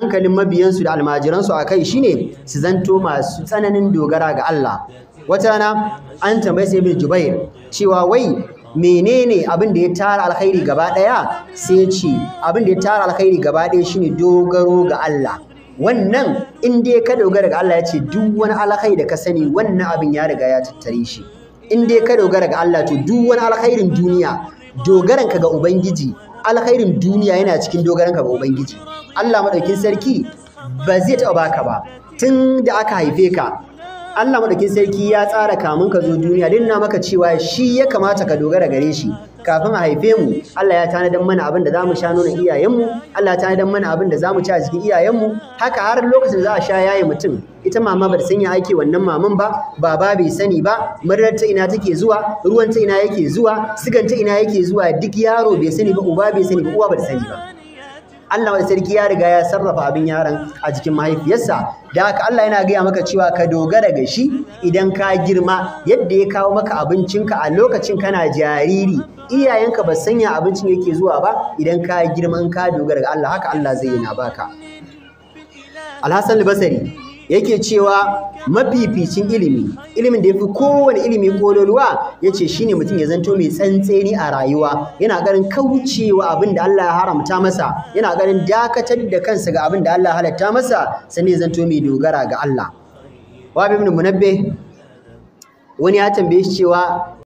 hankalin mabiyansu da almajiransu a kai shine su zanto masu tsananin dogara ga Allah wata rana an tambaye sai bin Jubair cewa wai menene abin da ya tara alkhairi gaba daya sai ce abin da ya tara alkhairi gaba daya shine dogaro ga Allah wannan in dai ka dogara ga Allah ya ce duk wani alkhairi da ka sani wannan abin ya riga ya tattare shi in dai ka dogara ga Allah to duk wani alkhairin duniya dogaranka ga ubangiji alkhairin duniya yana cikin dogaran ka ga ubangiji Allah madaukin sarki ba zai taba baka ba tun da aka haife ka Allah madaukin sarki ya tsara kamun ka zo duniya din na maka cewa shi ya kamata ka dogara gare shi kafin a haife mu Allah ya tanadan mana abin da za mu sha nonon iyayenmu Allah ya tanadar mana abin da za ci a jikin mu haka har lokacin da za a sha yaye mutum ita mama bata sanya ake wannan maman ba baba bai sani ba murar ta ina take zuwa ruwan ta ina yake zuwa sigan ta ina yake zuwa duk yaro bai sani ba uba bai sani ba uwa bata sani ba Allah wani sarki ya riga ya sarrafa abin yaron a jikin mahaifiyarsa da haka Allah yana gaya maka cewa ka dogara ga shi idan ka girma yadda ya kawo maka abincinka a lokacin kana jariri iyayenka ba sanya abincin yake zuwa ba idan ka girma ka dogara ga Allah haka Allah zai yi na baka Alhassan Basari yake cewa mafificin ilimi ilimin da ya fi kowane ilimi kololuwa yace shine mutum ya zanto mai tsantseni a rayuwa yana ganin kaucewa abin da Allah ya haramta masa yana ganin dakatar da kansa ga abin da Allah ya halatta masa sani ya zanto mai dogara ga Allah wa ibn munabbe wani ya tambaye shi cewa